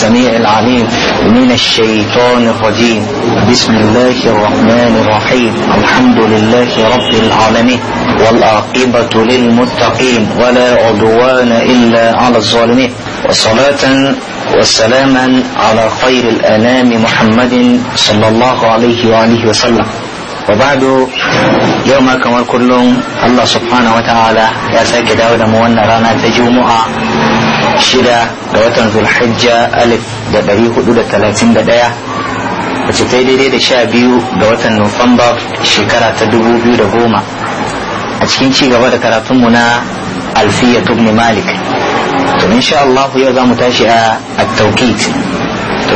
السميع العليم من الشيطان الرجيم بسم الله الرحمن الرحيم الحمد لله رب العالمين والعاقبة للمتقين ولا عدوان إلا على الظالمين وصلاة وسلاما على خير الأنام محمد صلى الله عليه وآله وسلم وبعد يوم كما كلهم الله سبحانه وتعالى يا ساكي داود موانا رانا تجمعا آه. shida ga watan zulhajja alif da ɗari hudu da talatin da ɗaya wacce ta yi daidai da sha biyu ga watan nufamba shekara ta dubu biyu da goma a cikin ci gaba da karatunmu na alfiya tubni malik to insha allahu yau za mu tashi a at to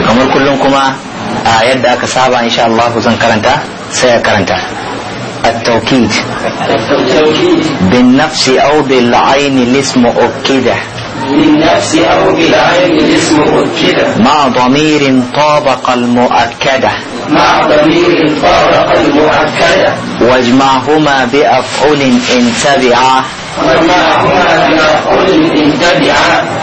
kamar kullum kuma a yadda aka saba insha allahu zan karanta sai a karanta التوكيد بالنفس أو بالعين الاسم أكده للنفس أو بالعين الاسم أكدة مع ضمير طابق المؤكدة مع ضمير طابق المؤكدة واجمعهما بأفعل إن تبعا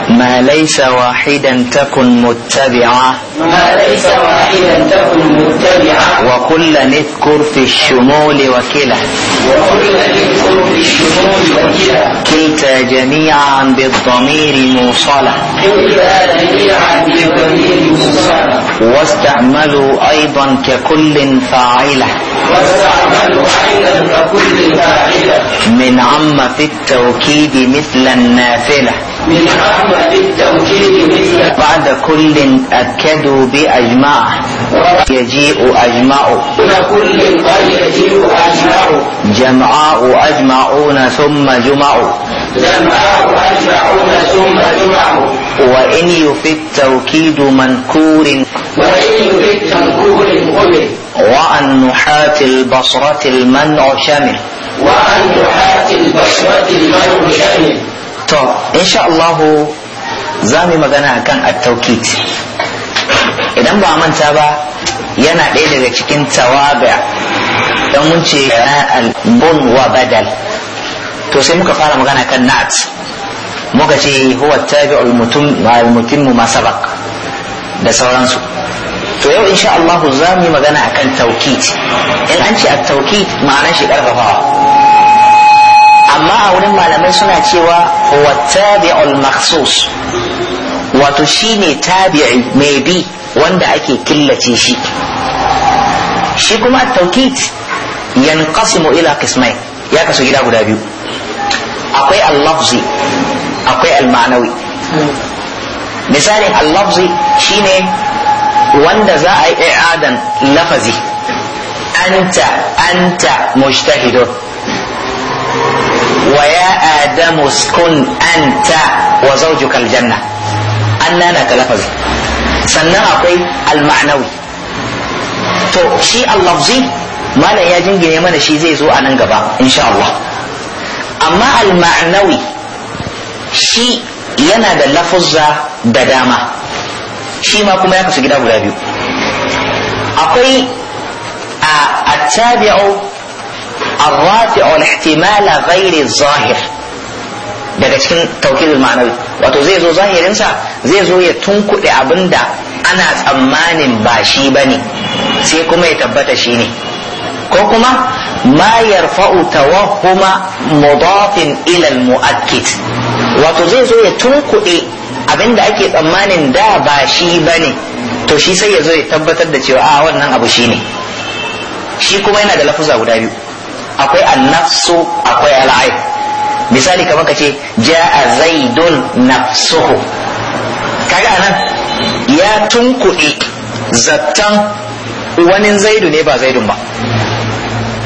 ما ليس واحدا تكن متبعا ما ليس واحدا تكن متبعا وكلا نذكر في الشمول وكلا وكلا نذكر في الشمول وكلا كلتا جميعا بالضمير موصلة كلتا جميعا بالضمير موصلة واستعملوا أيضا ككل فاعلة واستعملوا أيضا ككل فاعلة من عم في التوكيد مثل النافلة من أقوى التوكيد بعد كل أكدوا بأجماع يجيء بعد كل قد يجيء أجماع جمعاء أجمعون ثم جمع جمعاء أجمعون ثم جمع وإن يفي التوكيد منكور وإن يفي التنكور قبل وعن نحاة البصرة المنع شمل وعن نحاة البصرة المنع شمل to insha Allah za mu magana akan at idan ba manta ba yana ɗaya daga cikin tawaga don mun ce al-bun wa badal to sai muka fara magana kan na'at muka ce huwa tabi'ul mutum al-mutim ma sabaq da sauransu to yau insha Allah za mu yi magana akan taukit in an ce at ma'ana ma'anar shi karfafawa amma a wurin malamai suna cewa wa tabi'ul makhsus wato shine tabi'i mai bi wanda ake killace shi shi kuma at-tawkid yanqasimu ila qismain ya kasu gida guda biyu akwai al-lafzi akwai al-ma'nawi misalin al-lafzi shine wanda za a yi i'adan lafazi anta anta mujtahidun wa ya adamu skun anta wa zawjuka aljanna an nana ta lafazi sannan akwai alma'anawi to shi allafzi malam ya jingine mana shi zai zo a nan gaba insha Allah amma alma'anawi shi yana da lafuza da dama shi ma kuma ya kasu gida guda biyu akwai a attabi'u الرافع الاحتمال غير الظاهر daga cikin taukidul ma'anawi wato zai zo zahirinsa zai zo ya tunkuɗe abin da ana tsammanin ba shi ba ne sai kuma ya tabbata shi ne ko kuma ma yarfa'u tawahuma mudafin ilal muakkid wato zai zo ya tunkuɗe abin da ake tsammanin da ba shi ba ne to shi sai ya zo ya tabbatar da cewa a ah, wannan abu shi ne shi kuma yana da lafuza guda biyu akwai annafsu akwai alai misali kamar ka ce ja'a zaidun nafsuhu kaga anan ya tunkuɗe zattan wani zaidu ne ba zaidun ba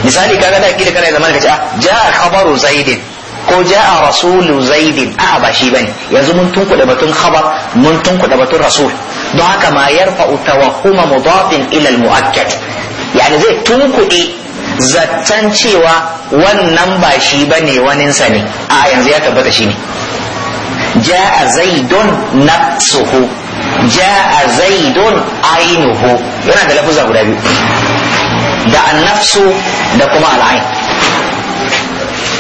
misali kaga da kida kana zaman ka ce ah, ja'a khabaru zaidin ko ja'a rasulu zaidin a ba shi bane yanzu mun tunkuɗe batun khabar mun tunkuɗe batun rasul don haka ma yarfa'u tawakkuma mudafin ila al-mu'akkad yani zai tunkuɗe zattan cewa wannan ba shi ba ne waninsa ne a yanzu ya tabbata shi ne ja'a zaidun nafsuhu ja'a zaidun ainuhu yana da lafuza guda biyu da annafsu da kuma al'ain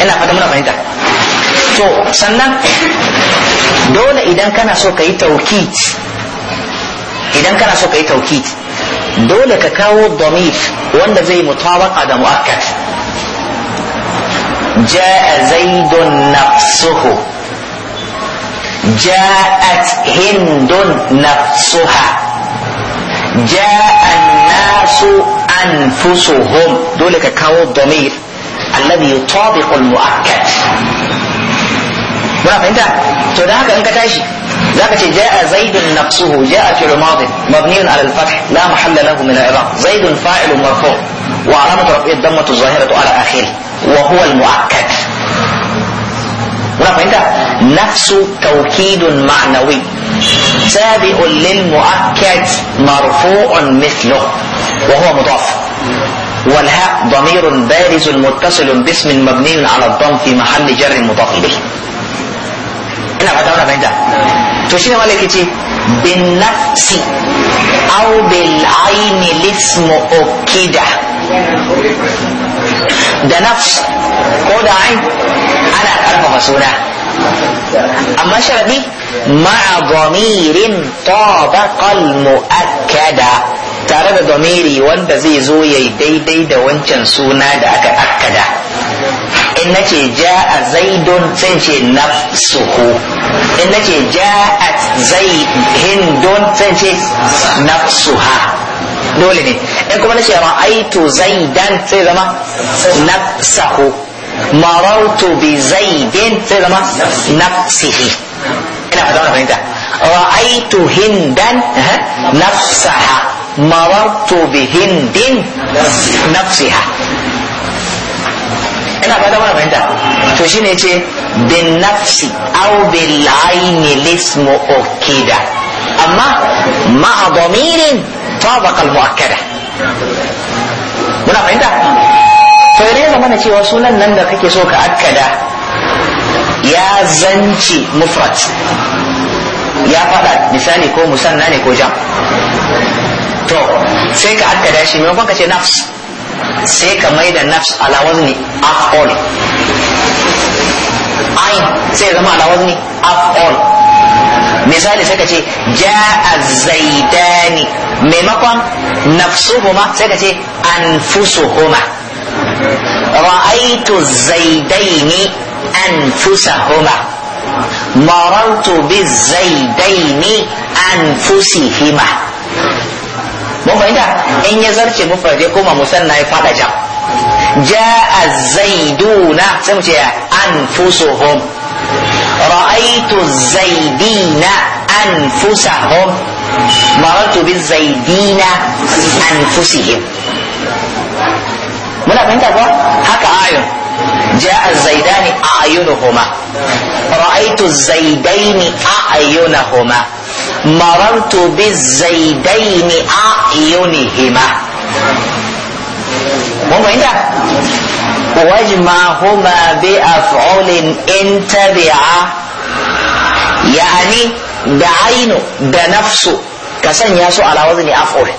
ina fata muna fahimta to sannan dole idan kana so ka yi taukit idan kana so ka yi taukit dole ka kawo domif wanda zai mutabaka da mu'akkat ja'a zaidun nafsuhu ja'at hindun nafsuha ja'a nasu anfusuhum dole ka kawo domif alladhi yutabiqu al-mu'akkat muna fahimta to da haka in ka tashi ذاك جاء زيد نفسه جاء في الماضي مبني على الفتح لا محل له من الاعراب زيد فاعل مرفوع وعلامة رفعه الضمة الظاهرة على آخره وهو المؤكد هنا نفس توكيد معنوي تابع للمؤكد مرفوع مثله وهو مضاف والهاء ضمير بارز متصل باسم مبني على الضم في محل جر مضاف به ina fata wani fahimta to shi ne wani bin nafsi au bil aini lismu okida da nafsi ko da ain ana karfafa suna amma sharadi ma'a domirin tabaqal mu'akkada tare da domiri wanda zai zo ya daidai da wancan suna da aka akkada in ja ja'a zaidun sai ce nafsuhu in nace ja'at zaid hindun sai ce nafsuha dole ne in kuma nace aitu zaidan sai zama nafsahu marautu bi zaidin sai zama nafsihi ina fata wannan fahimta ra'aitu hindan eh, nafsaha marautu bi hindin nafsiha ina fata mana fahimta to shine yace bin nafsi aw bil aini lismu ukida amma ma'a damirin tabaqa al muakkada muna fahimta to idan ya mana cewa sunan nan da kake so ka akkada ya zance mufrat ya faɗa misali ko musanna ne ko jam to sai ka akkada shi maimakon ka ce nafsi. sai ka mai da nafs ala wazni ain sai zama ala wazni misali sai ka ce ja'a zaidani maimakon nafsuhuma sai ka ce anfusuhuma ra'aitu zaidaini anfusahuma marartu bizaidaini anfusihima mun fahimta in ya zarce mufrad ya koma musanna ya fada ja ja'a zaiduna sai mu ce anfusuhum ra'aytu zaidina anfusahum marartu bizaidina anfusihim muna fahimta ko haka ayun جاء الزيدان أعينهما رأيت الزيدين أعينهما مررت بالزيدين أعينهما مو عندها واجمعهما بأفعل إن تبع يعني بعينه بنفسه كسن ياسو على وزن أفعل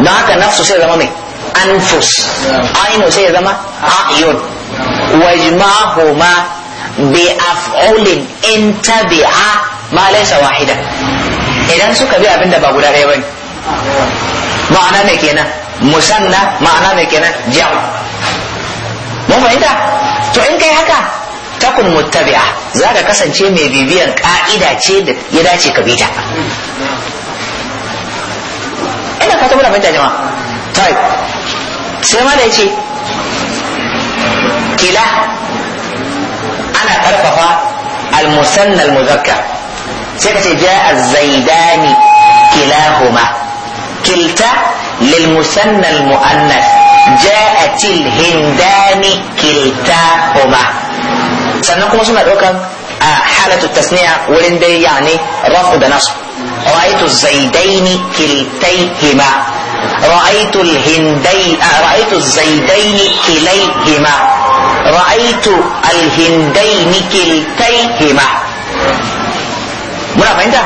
ناك نفسه سيزم من أنفس عينه ما أعين واجمعهما بأفعل إن تبع ma laisa wahida idan suka bi abinda ba guda ɗaya bane ma'ana ne kenan musanna ma'ana ne kenan jam mun fahimta to in kai haka takun muttabi'a za ka kasance mai bibiyan ka'ida ce da ya dace ka bita ina ka tabbata fahimta jama'a tai sai ma da ya ce kila ana karfafa al-musanna al-muzakkar sai ka ce ja zaidani kilahuma kilta lil musanna al muannas ja'at al hindani kiltahuma sannan kuma suna daukan a halatu tasniya wurin dai yani rafu da nasu ra'aytu zaidaini kiltayhima ra'aytu al hindai ra'aytu zaidaini kilayhima رأيت الهندين كلتيهما muna fahimta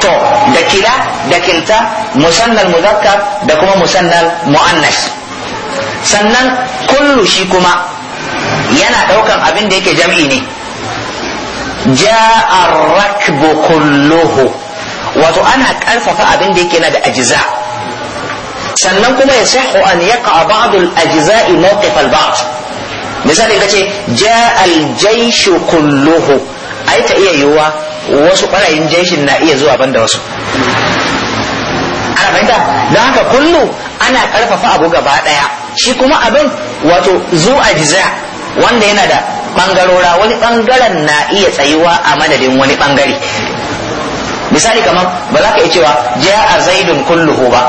to da kila da kilta musannal muzakkar da kuma musannal muannas sannan kullu shi kuma yana daukan abin da yake jam'i ne ja'a rakbu kulluhu wato ana karfafa abin da yake na da ajiza sannan kuma ya sahu an yaqa ba'd al ajza'i mawqif al ba'd misali kace ja'a al jayshu kulluhu ai ta iya yiwuwa wasu ɓarayin jeshin na iya zuwa banda wasu ana fahimta don haka kullu ana ƙarfafa abu gaba ɗaya shi kuma abin wato zuwa jiza wanda yana da ɓangarora wani ɓangaren na iya tsayuwa a madadin wani ɓangare misali kamar ba za ka iya cewa a zaidun kulluhu ba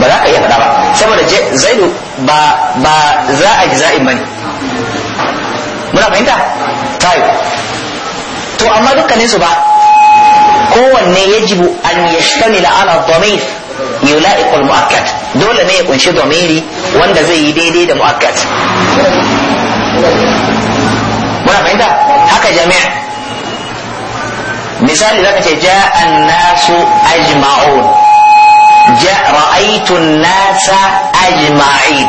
ba za ka iya faɗa ba saboda zaidu ba ba za a ji za'in ne muna fahimta tayo to amma dukkanin su ba kowanne yajibu an yashtamila ala dhamir yula'iqul mu'akkad dole ne ya kunshi dhamiri wanda zai yi daidai da mu'akkad muna fahimta haka jami'a misali zaka ce ja'a an-nasu ajma'un ja ra'aytu an-nasa ajma'in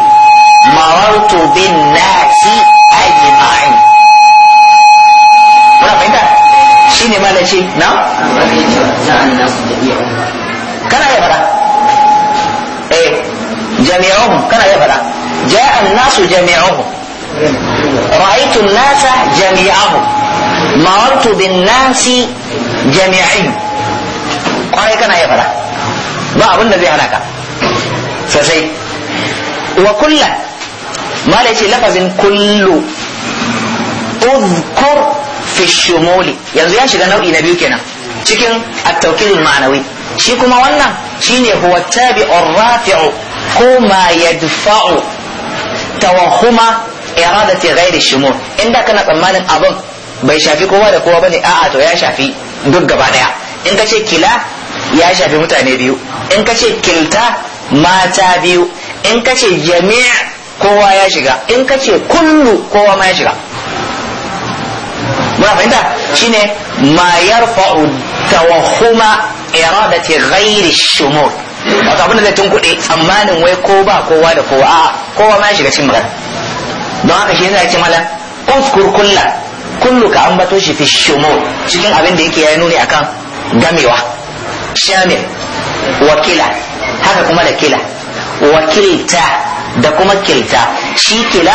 marartu bin-nasi shine ma ce na kana ya fada eh jami'ahum kana ya fada ja'a an-nasu jami'ahum ra'aytu an-nasa jami'ahum bin-nasi jami'in kana ya ba abin da zai hana ka sosai wa kullan ma ce lafazin kullu uzkur fi yanzu ya shiga nau'i na biyu kenan cikin at-tawkilul ma'nawi shi kuma wannan shine huwa tabi'ur rafi'u ko ma yadfa'u tawahuma iradati ghairi shumul inda kana tsammanin abin bai shafi kowa da kowa bane a'a to ya shafi duk gaba daya in ka ce kila ya shafi mutane biyu in ka ce kilta mata biyu in ka ce jami' kowa ya shiga in ka ce kullu kowa ma ya shiga muna fahimta shine ma yarfa'u tawahhuma iradati ghairi shumul wato abin da zai tunkuɗe tsammanin wai ko ba kowa da kowa a kowa ma shiga cikin magana don haka shi yana ce mala uskur kulla kullu ka ambato shi fi shumul cikin abin da yake ya nuni akan gamewa shamil wakila haka kuma da kila wakilta da kuma kilta shi kila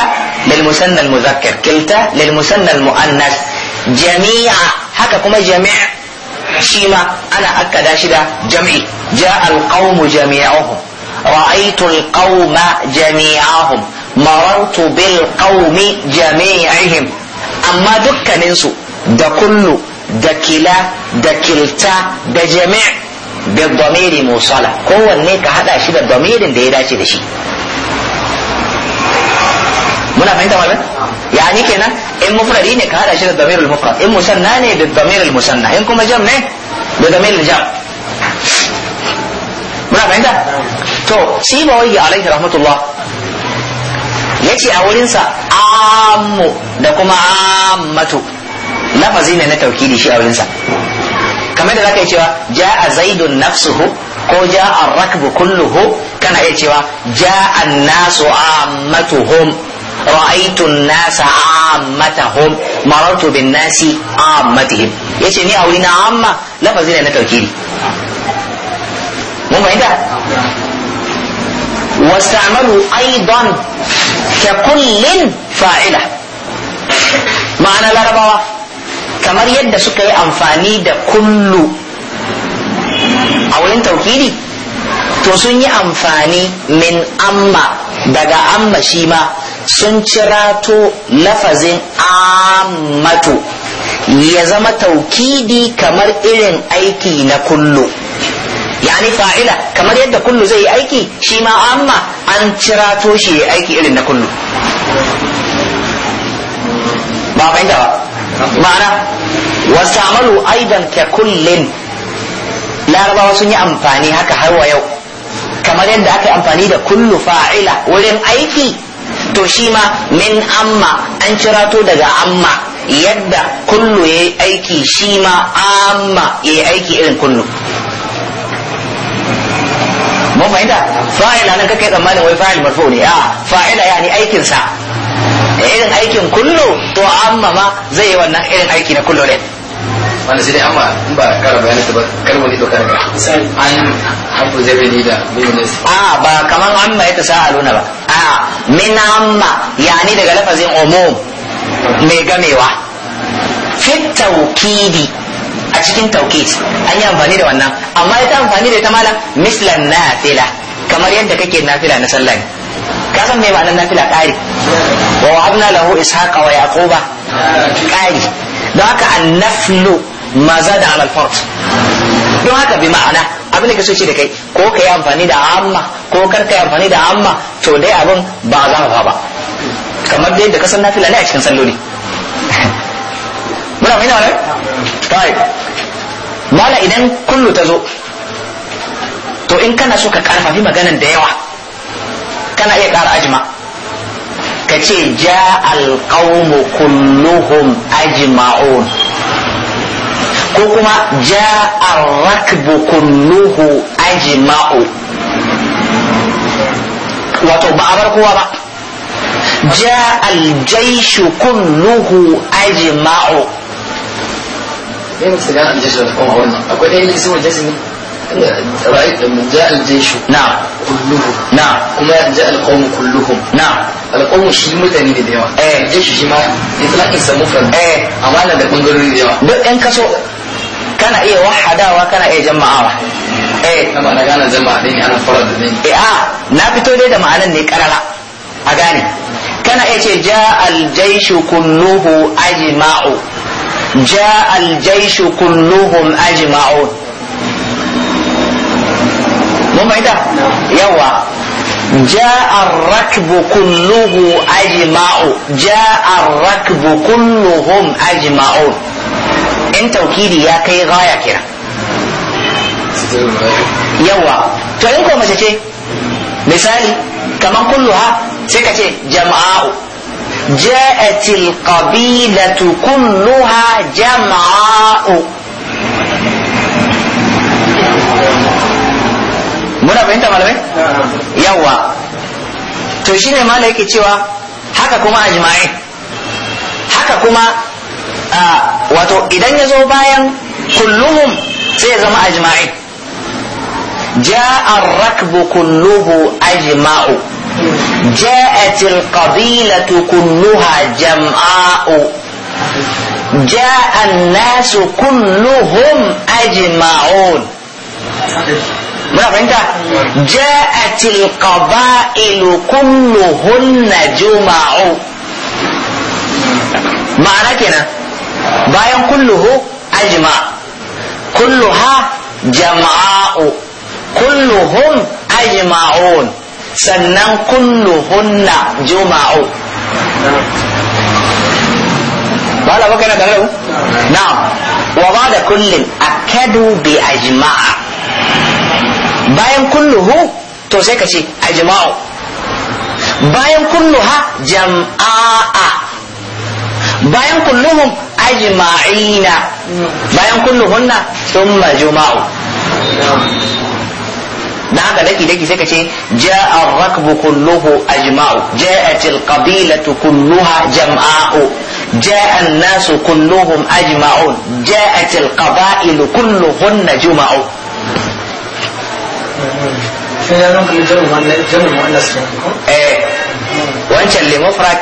lil musanna muzakkar kilta lil musanna muannas jami'a haka kuma jami'a shi ma ana akkada shi da jami'i ja alqawmu jami'ahum ra'aytu alqawma jami'ahum marartu bil qawmi jami'ihim amma dukkanin su da kullu da kila da kilta da jami' da damiri musala kowanne ka hada shi da damirin da ya dace da shi muna fahimta malam ni kenan in mufradi ne ka hada shi da damirul mufrad in musanna ne da damirul musanna in kuma jam ne da damirul jam muna fahimta to shi ba wai alaihi rahmatullah yace a wurinsa ammu da kuma ammatu lafazi ne na tauhidi shi a wurinsa kamar da zaka yi cewa ja'a zaidun nafsuhu ko ja'a rakbu kulluhu kana iya cewa ja'a nasu ammatuhum ra'aytun nasa ammatahum marartu bin nasi ammatihim ya ce ni a wuri na amma lafazi ne na tauƙiri mun bayan wasu amalu aidan ka kullum fa’ila ma'ana larabawa kamar yadda suka yi amfani da kullu a wurin to sun yi amfani min amma daga amma shi ma sun cirato lafazin ammatu ya zama taukidi kamar irin aiki na kullu yani fa'ila kamar yadda kullu zai yi aiki shi ma amma an cirato shi ya aiki irin na kullu ba fahimta ba ma'ana wasu amalu aidan ka kullin larabawa sun yi amfani haka har wa yau kamar yadda aka yi amfani da kullu fa'ila wurin aiki to shi ma min amma an cirato daga amma yadda kullu ya yi aiki shi ma amma ya yi aiki irin kullu mun fahimta fa'ila nan kake tsammanin wai fa'il marfu ne a fa'ila yani aikin sa eh, irin aikin kullu to amma ma zai yi wannan irin aiki na kullu ne wanda sai dai amma in ba kara bayanin ta ba karbo ne dokar ga an haku zai ni da business a ba kaman amma ya aluna ba a min amma yani daga lafazin umum mai gamewa fit tawkidi a cikin tawkid an yi amfani da wannan amma ita amfani da ita malam mislan nafila kamar yadda kake nafila na sallah ne ka san me ma'anar nafila kari wa wa'abna lahu ishaqa wa yaquba kari. don haka anaflo ma za da alal fard don haka bi ma'ana abin da ka so ce da kai ko ka yi amfani da amma ko kar ka yi amfani da amma to dai abin ba za ka ba kamar dai da kasan nafila ne a cikin salloli muna mai nawa ne? mala idan kullu ta zo to in kana so ka karfafi maganan da yawa kana iya kara ajima ka ce ja alƙaumu kulluhum ajma'un ko kuma ja arrakbu kulluhu ajma'u wato ba a bar kowa ba ja aljaishu kulluhu ajma'u ne mutu da aljaishu da kuma wannan akwai ɗaya ne su wajen ne رأيت من جاء الجيش نعم كلهم نعم كما جاء القوم كلهم نعم alƙawun shi mutane da yawa jeshi shi ma itlaqin sa mufrad eh amana da bangarori da yawa duk ɗan kaso kana iya wahadawa kana iya jama'awa eh amma na gane jama'a din ana fara da din eh fito dai da ma'anan ne karara a gane kana iya ce ja aljaishu kulluhu ajma'u ja mun mai da yawa ja'a rakbu kulluhu ajma'u ja'a rakbu kulluhum ajma'u in taukidi ya kai gaya kira yawa to in ko mace ce misali kamar kulluha sai ka ce jama'u ja'atil qabilatu kulluha jama'u muna fahimta malamai yawa to shine malai yake cewa haka kuma ajma'i haka kuma wato idan yazo bayan kulluhum sai ya zama ajma'i ja'a rakbu kulluhu ajma'u جاءت القبيلة كلها جمعاء nasu nasu kulluhum ajma'un muna fahimta ja'atil qaba'ilu kulluhunna juma'u ma'ana kenan bayan kulluhu ajma kulluha jama'u kulluhum ajma'un sannan kulluhunna juma'u ba la baka na na'am wa ba da kullin akadu bi ajma'a bayan kulluhu to sai ka ce ajma'u bayan kulluha jam'a'a bayan kulluhum ajma'ina bayan kulluhunna thumma juma'u da haka daki daki sai ka ce ja'a rakbu kulluhu ajma'u ja'at alqabilatu kulluha jam'a'u ja'a an-nasu kulluhum ajma'un ja'at alqaba'il kulluhunna juma'u فإذا ممكن جمع مؤنث ايه وانت اللي مفرد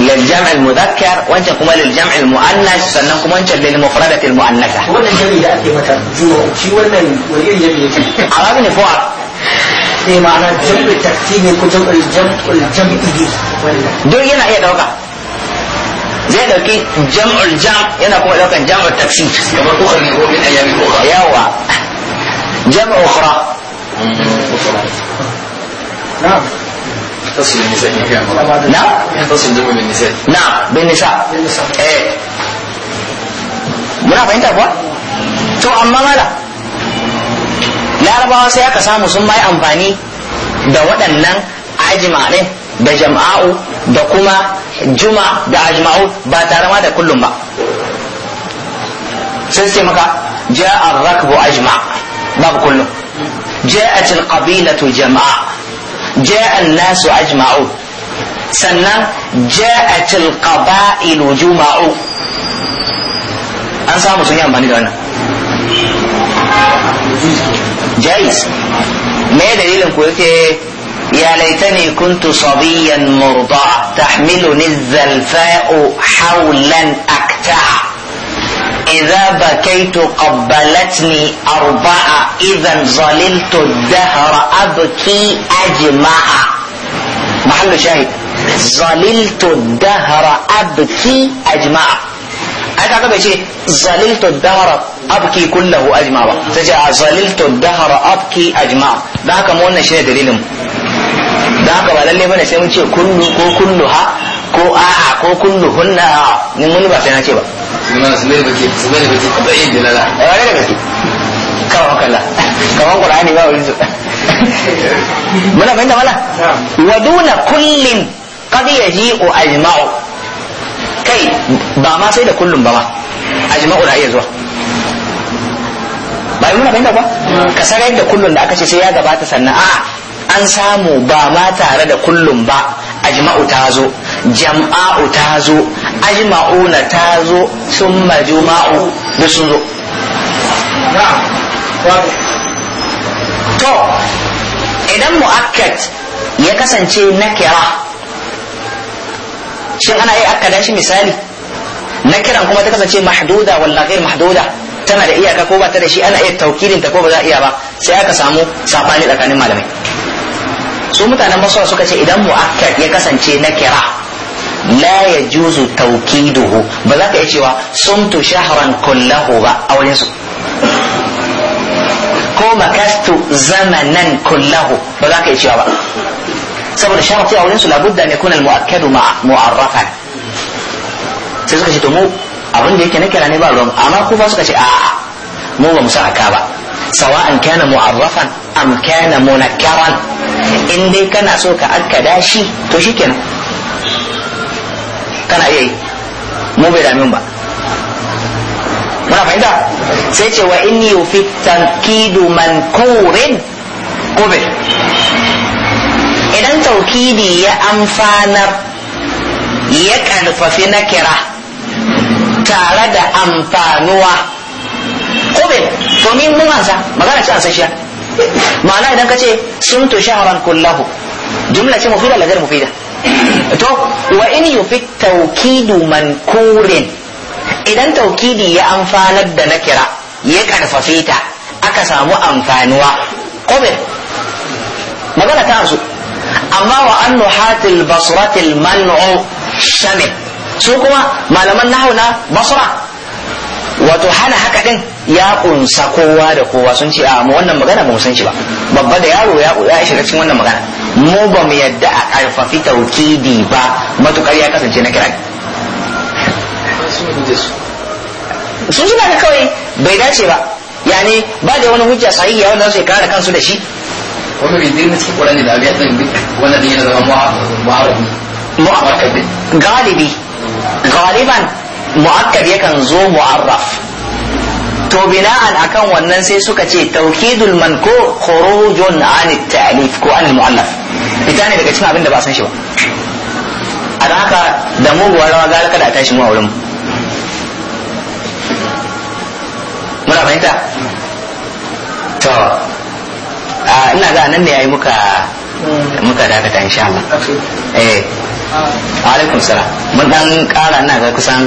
للجمع المذكر وانت كما للجمع المؤنث sannan kuma wancan lil mufradati al muannatha wannan jami'i da ake mata juwa shi wannan wani jami'i yake arabi ne fu'al ne ma'ana jam'u tartibi ko jam'u jam'u jam'i duk yana iya dauka zai dauki jam'ul jam' yana kuma daukan jam'u tafsir kamar ukhra ne ko min ayami ukhra yawa جمع أخرى نعم تصل بالنساء نعم تصل جمع بالنساء نعم بالنساء ايه muna fahimta kuwa to amma mala larabawa sai aka samu sun mai amfani da waɗannan ajima ɗin da jama'u da kuma juma da ajma'u ba tare ma da kullum ba sai su ce maka ja'ar rakbu ajma' الباب كله جاءت القبيلة جمعاء جاء الناس أجمعوا سنة جاءت القبائل جمعوا أنا أنسى مسلمين أم بني جايز ما دليل كويك إيه؟ يا ليتني كنت صبيا مرضع تحملني الزلفاء حولا أكتع إذا بكيت قبلتني أربعة إذا ظللت الدهر أبكي أجمع محل شاهد ظللت الدهر أبكي أجمع أنت عقب شيء ظللت الدهر أبكي كله أجمع سجع ظللت الدهر أبكي أجمع ذاك مونا شيء دليلهم ذاك هكا بنا سيمون شيء كله كله ها ko a'a ko kullu hunna a'a ni wani ba sai na ce ba zumai baki zumai baki ka bai da lala eh wani da gaske kawan kalla kawan qur'ani ba wani muna fahimta wala wa duna kullin qad yaji'u ajma'u kai ba ma sai da kullun ba ma ajma'u na iya zuwa ba yi muna fahimta ba ka sarar yadda kullun da aka ce sai ya gabata sannan a'a an samu ba ma tare da kullun ba ajma'u ta zo jama'u ta zo ajma'una ta zo sun majuma'u da sun zo to idan mu'akkad ya kasance na kira shin ana yi akada shi misali na kiran kuma ta kasance mahduda walla ghair mahduda tana da iyaka ko ba ta da shi ana iya taukirin ta ko ba za a iya ba sai aka samu safani tsakanin malamai su mutanen basuwa suka ce idan mu'akkad ya kasance na kira la ya juzu taukiduhu ba za ka iya cewa sumtu shahran kullahu ba a wurin su ko makastu zamanan kullahu ba za ka iya cewa ba saboda sharati a wurin su labudda ne kuna mu'akkadu mu'arrafan sai suka ce to mu abin da yake na kira ne ba ruwan amma ku ba suka ce a'a mu ba mu sa aka ba sawa'an kana mu'arrafan am kana munakkaran in dai kana so ka akkada shi to shikenan kana iya yi mu bai damin ba muna fahimta sai ce wa inni yufi tankidu kurin kube idan taukidi ya amfanar ya karfafi na kira tare da amfanuwa kube to ni mun ansa magana ce ansashiya ma'ana idan ka ce sun to shaharan kullahu jumla ce mafida lagar mafida to wa in yufi taukidu mankurin idan taukidi ya amfanar da na kira ya karfafe ta aka samu amfanuwa kobin magana ta su amma wa an nuhatil basratil man'u shamil su kuma malaman nahu na basra wato hana haka din ya kunsa kowa da kowa sun ce a mu wannan magana ba mu san shi ba babba da yaro ya shiga cikin wannan magana mu ba mu yadda a ƙarfafi taukidi ba matukar ya kasance na kira. sun suna ka kawai bai dace ba yani ba da wani hujja sahihi wanda su kare kansu da shi wani bindin na cikin ƙwararri da abin yadda wanda din yana zama mu'arabi mu'arabi galibi galiban mu'akkad yakan zo mu'arraf to bina'an akan wannan sai suka ce tauhidul ko khurujun an ta'lif ko an mu'allaf ita ne daga cikin abin da ba san shi ba a haka da muguwar rawa ga kada a tashi mu a wurin muna fahimta to ina ga nan ne yayi muka muka dakata insha Allah eh alaikum salam mun dan kara ina ga kusan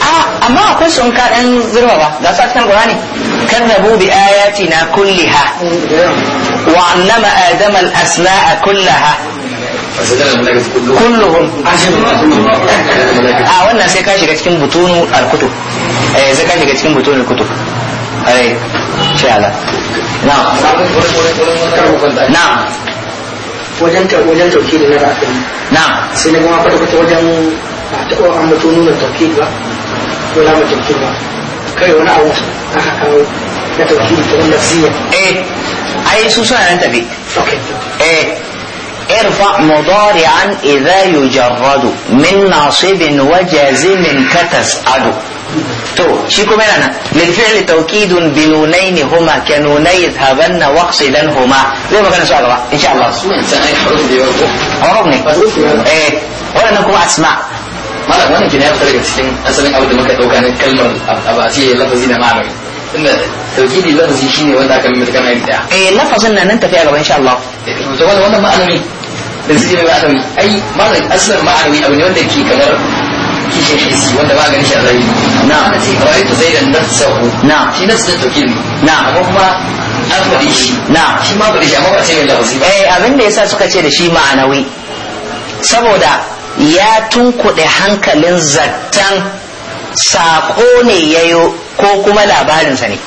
Ah, amma akwai sun ka dan zirma ba ga sa a cikin qur'ani kazzabu bi na kulliha wa annama adama al-asma'a kullaha kulluhum a ah, wannan sai ka shiga cikin butunu al-kutub eh sai ka shiga cikin butunu al-kutub ai eh, insha ala na na wajen ta wajen tauki da na ra'ayi sai na kuma kwata kwata wajen ba ta ko an mutu nuna tauki ba ولا متبتبة kai wani abu aka kawo na tauhidi kamar nafsiya eh ai su suna nan tafi eh ارفع مضارعا إذا يجرد من ناصب وجازم كتسعد تو شيكو ميلانا للفعل توكيد بنونين هما كنوني اذهبن واقصدن هما زي ما كان سؤال بقى ان شاء الله سمعت اي حروف دي ورقني ايه ولا انكم اسمع mana wannan kina ya fita daga cikin asalin abu da muka dauka na kalmar abasiya lafazi da ma'anawi tunda tauhidi lafazi shine wanda aka mimita kana yadda eh lafazin nan nan tafiya gaba insha Allah eh, to wannan wannan ma'anawi da zai yi ma'anawi ai ma'anawi asalin ma'anawi abu ne wanda ke kamar kishin hissi wanda ba ganin shi a zai na ana ce ra'aytu zaidan nafsahu na shi nafsin tauhid ne na amma kuma an shi na shi ma bari shi amma ba sai mai lafazi eh abin da yasa suka ce da shi ma'anawi saboda ya tunkuɗe hankalin zattan saƙo ne ya yi ko kuma labarinsa ne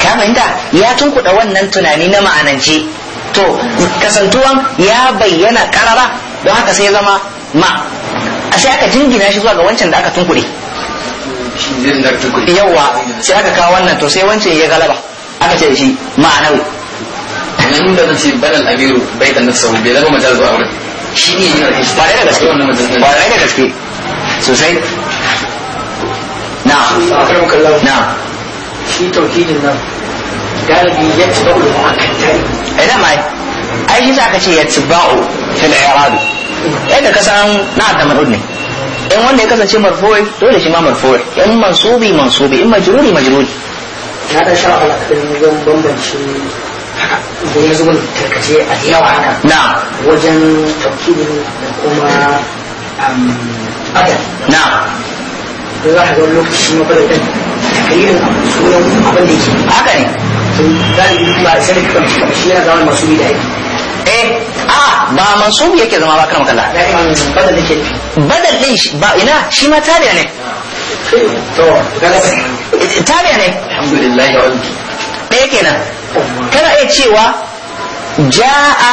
fahimta ya tunkuɗe wannan tunani na ma'anance to kasantuwan ya bayyana karara don haka sai zama ma a sai aka jingina shi zuwa ga wancan da aka tunkuɗe Yauwa sai aka kawo wannan to sai wancan ya galaba aka ce da shi ma'anawi yanzu da zan ce banal Abiru bai da nasahu bai zama majal ba aure shi ne yana da shi ba da gaske wannan majal ba da gaske sosai na na shi tauhidin nan galibi ya ci ba'u da ma'akantai ai da mai ai shi za ka ce ya ci ba'u da i'rabi yadda ka san na da marud ne in wanda ya kasance marfu'i dole shi ma marfu'i in mansubi mansubi in majruri majruri na da sha'ala kan bambanci idan ya zuba tarkace a da yawa haka na wajen da kuma adal na da za ka ga lokaci na sunan abin da yake haka ne galibi ba sai da kamar yana zama masu bi da eh a ba mansubi yake zama ba kala badal yake badal ba ina shi ma tabiya ne to tabiya ne alhamdulillah ya wani ɗaya kenan kana iya cewa ja'a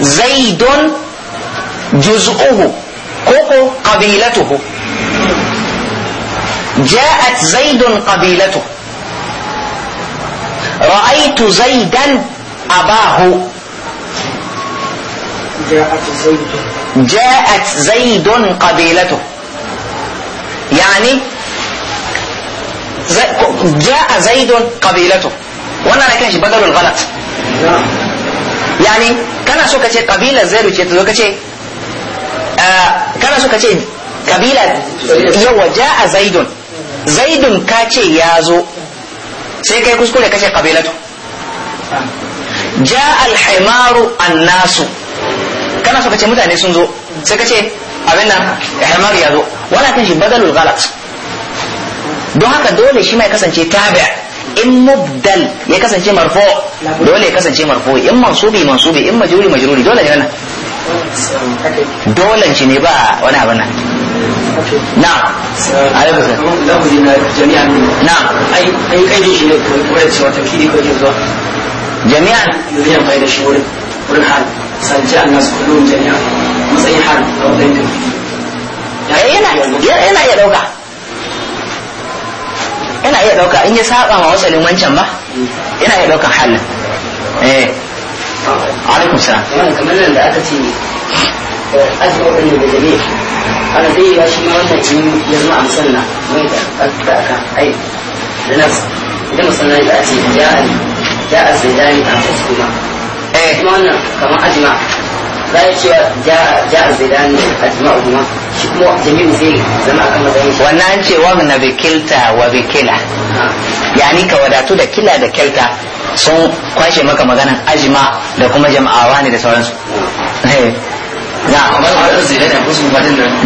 zaidun juz'uhu koko qabilatuhu جاءت زيد قبيلته رأيت زيدا أباه جاءت زيد جاءت زيد قبيلته يعني زي جاء زيد قبيلته wannan na kan shi badalul ghalat yani kana so ka ce kabila zaidu ce ta ka ce eh, kana so ka ce kabila yawa ja'a zaidun zaidun ka ce ya zo sai kai kuskure ka ce kabilatu ja'a alhimaru annasu kana so ka ce mutane sun zo sai ka ce abin nan himaru ya zo wannan kan shi badalul ghalat don haka dole shi mai kasance tabi'a in mubdal ya kasance marfo dole ya kasance marfo in mansubi mansubi in majruri majruri dole ne wannan dole ne ba wani abin nan na alaikum salam lafi na jami'an na ai kai shi ne kuma ko zuwa jami'an jami'an bai da shi wurin wurin hal an nasu matsayin hal a wajen eh, yana iya dauka yana iya ɗauka in ya saba ma wasalin wancan ba yana iya ɗaukan halin eh alaikum salam kamar nan da aka ce azwa ɗin da jami'a ana zai ba shi ma wannan in ya zama amsan na mai da aka ai da nas idan musamman da ake ya a sai jami a wasu kuma eh kuma wannan kamar ajima za a cewa ja a zai dani ajima kuma wannan an ce wagna bi kilta wa bikila yani ka wadatu da kila da kilta sun kwashe maka maganan ajima da kuma jama'awa ne da sauransu نعم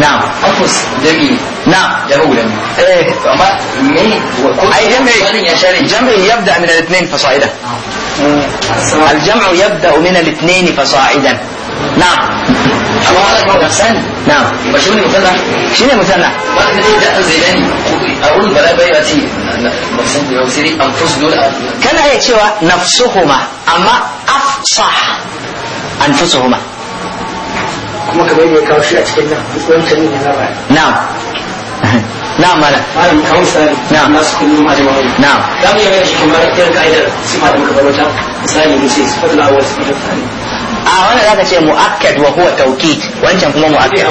نعم أفوس جميع نعم جميع إيه أي جمع جمع يبدأ من الاثنين فصاعدا الجمع يبدأ من الاثنين فصاعدا na'am amma ana kawo wasan na'am ba shi ne mutanna shi ne mutanna ba ka ce da zaidani a wurin ba bai ba ce nafsun ku yausiri an fusu dole kana iya cewa amma afsah an kuma ya shi a cikin nan ne na نعم مالا مالا كون سالي نعم الناس كلهم ما جمعوا نعم لم يمكن كما تلك أيضا سمع المكبر وجه مثالي من شيء سفر الأول سفر الثاني a wannan zaka ce muakkad wa huwa tawkid wancan kuma muakkad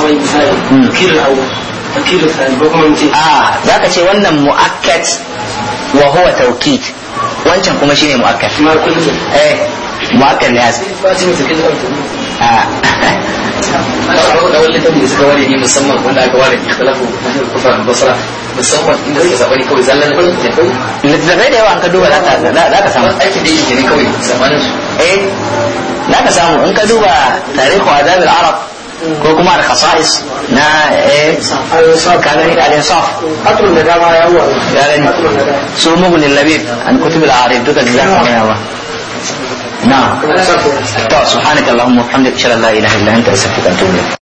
a zaka ce wannan muakkad wa huwa tawkid wancan kuma shine muakkad eh muakkad ne asali a wani littafi da suka ware ne musamman wanda aka ware ikhtalafu kufar basra musamman inda suke sabani kawai zallan da kawai littafai da yawa an ka duba za ka samu Aiki da yake ne kawai sabanin ايه نعم سامو انك دوبا تاريخ وعذاب العرب كوكو مارك خصائص نا ايه الانصاف إيه؟ الانصاف قتل النجامة يا اول قتل النجامة سومو من اللبيب ان كتب العارف دوك الزلاف الله نعم, نعم. طيب، سبحانك اللهم وحمدك شر الله اله الا انت اسفك انتوني